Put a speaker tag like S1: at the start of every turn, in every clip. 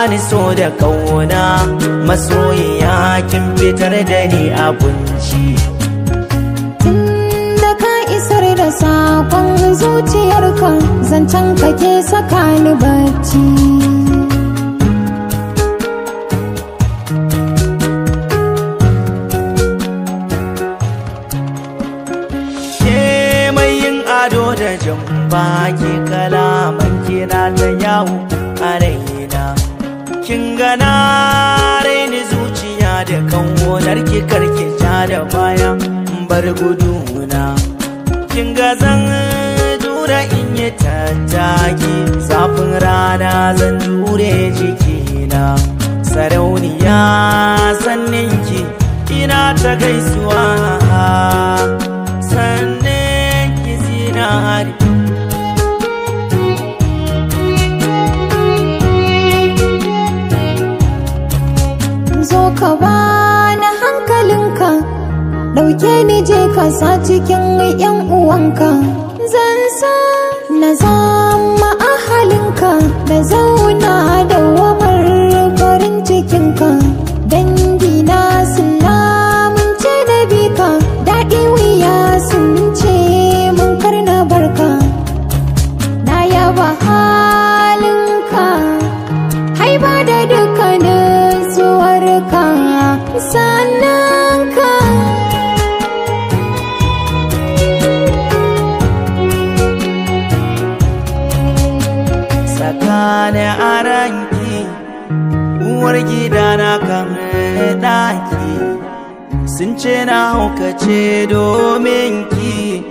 S1: bani so da kauna masoyiya kin fitar da ni abinci
S2: tunda ka isar da sakon zuciyarka zancen kake saka ni bacci
S1: ado da jamba ke kalaman kira ta yawo a raina kin gana raini zuciya da kan wonar ki karki ja da baya bar guduna kin ga zan jura in yi tattaki zafin rana zan jure jikina sarauniya sannin ki, ina ta gaisuwa
S2: zo ka ba na hankalinka ɗauke ni je ka sa cikin yan uwanka zan sa na zama ahalinka da zauna da
S1: tsakanin aranki uwar gidana kamar ɗaki sun ce na haukace domin ki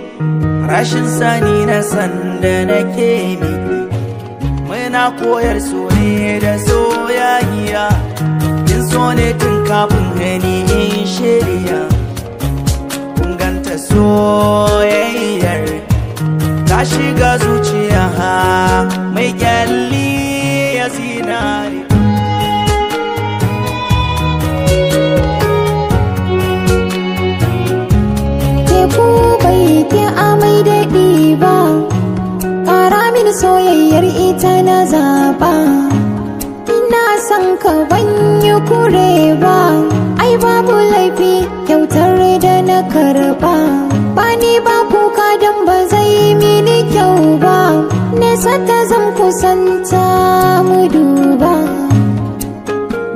S1: rashin sani na sanda nake miki mai na koyar so ne da soyayya In so ne tun kafin soyayyar ta shiga zuciya mai kyalli ya zinari
S2: Teku bai ta amai daɗi ba ƙara min soyayyar ita na zaba ina son ka ban yi kure ba ai babu wata zan kusanta mu duba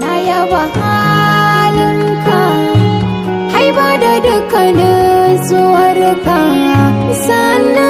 S2: na yaba halinka haiba da dukkanin zuwarka sannan